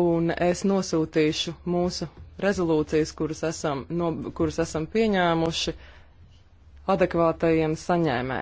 un es nosūtīšu mūsu rezolūcijas, kuras esam, no, kuras esam pieņēmuši, adekvātajiem saņēmējiem.